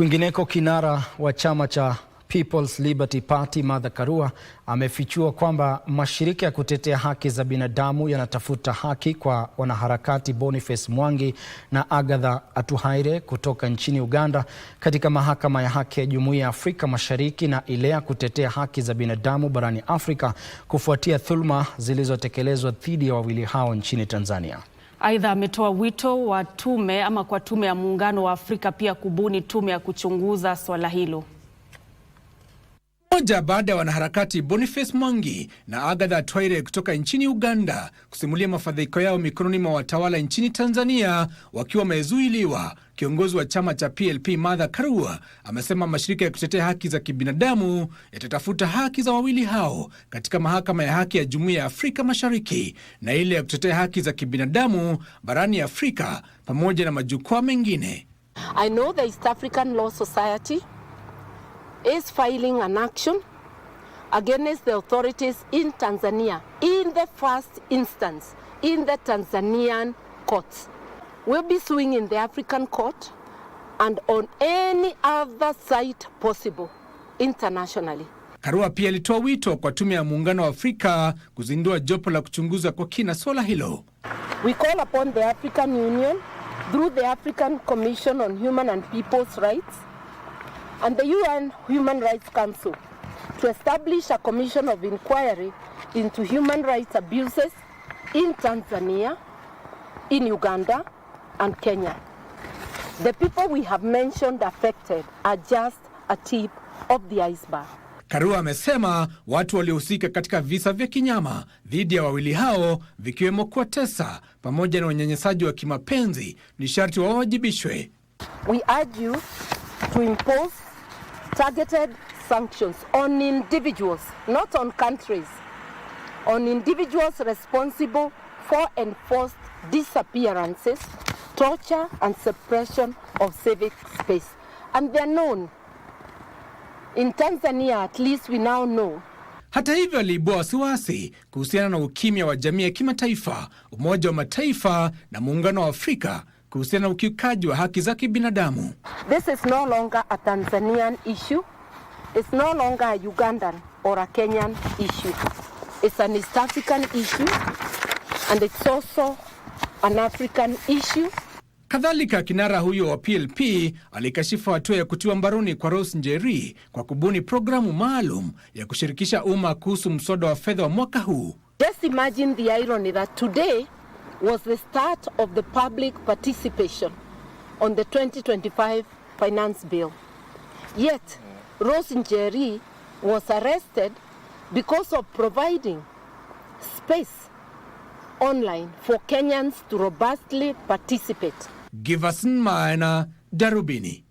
Kwingineko, kinara wa chama cha People's Liberty Party Martha Karua amefichua kwamba mashirika ya kutetea haki za binadamu yanatafuta haki kwa wanaharakati Boniface Mwangi na Agatha Atuhaire kutoka nchini Uganda katika mahakama ya haki ya Jumuiya ya Afrika Mashariki na ile ya kutetea haki za binadamu barani Afrika kufuatia dhuluma zilizotekelezwa dhidi ya wawili hao nchini Tanzania. Aidha, ametoa wito wa tume ama kwa tume ya muungano wa Afrika pia kubuni tume ya kuchunguza swala hilo mmoja baada ya wanaharakati Boniface Mwangi na Agatha Twaire kutoka nchini Uganda kusimulia mafadhaiko yao mikononi mwa watawala nchini Tanzania wakiwa wamezuiliwa. Kiongozi wa chama cha PLP Martha Karua amesema mashirika ya kutetea haki za kibinadamu yatatafuta haki za wawili hao katika mahakama ya haki ya Jumuiya ya Afrika Mashariki na ile ya kutetea haki za kibinadamu barani Afrika pamoja na majukwaa mengine. I know the East African Law Society is filing an action against the authorities in Tanzania in the first instance in the Tanzanian courts. We'll be suing in the African court and on any other site possible internationally. Karua pia alitoa wito kwa tume ya muungano wa Afrika kuzindua jopo la kuchunguza kwa kina swala hilo. We call upon the African Union through the African Commission on Human and People's Rights and the UN Human Rights Council to establish a commission of inquiry into human rights abuses in Tanzania, in Uganda, and Kenya. The people we have mentioned affected are just a tip of the iceberg. Karua amesema watu waliohusika katika visa vya kinyama dhidi ya wawili hao vikiwemo kuwatesa pamoja na unyanyasaji wa kimapenzi ni sharti wawajibishwe. We urge you to impose targeted sanctions on individuals, not on countries, on individuals responsible for enforced disappearances, torture and suppression of civic space. And they are known. In Tanzania at least we now know. Hata hivyo aliibua wasiwasi kuhusiana na ukimya wa jamii ya kimataifa, Umoja wa Mataifa na Muungano wa Afrika kuhusiana na ukiukaji wa haki za kibinadamu. This is no longer a Tanzanian issue. It's no longer a Ugandan or a Kenyan issue. It's an East African issue and it's also an African issue. Kadhalika, kinara huyo wa PLP alikashifa hatua ya kutiwa mbaroni kwa Rose Njeri kwa kubuni programu maalum ya kushirikisha umma kuhusu mswada wa fedha wa mwaka huu. Just imagine the irony that today was the start of the public participation on the 2025 finance bill. Yet, Rose Njeri was arrested because of providing space online for Kenyans to robustly participate. Giverson Maina, Darubini.